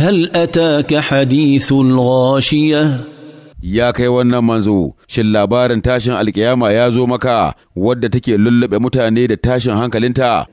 هل أتاك حديث الغاشية يا كي ونا منزو شلا بارن تاشن القيامة يا زو مكا ودتك اللب متاني دتاشن هنك لنتا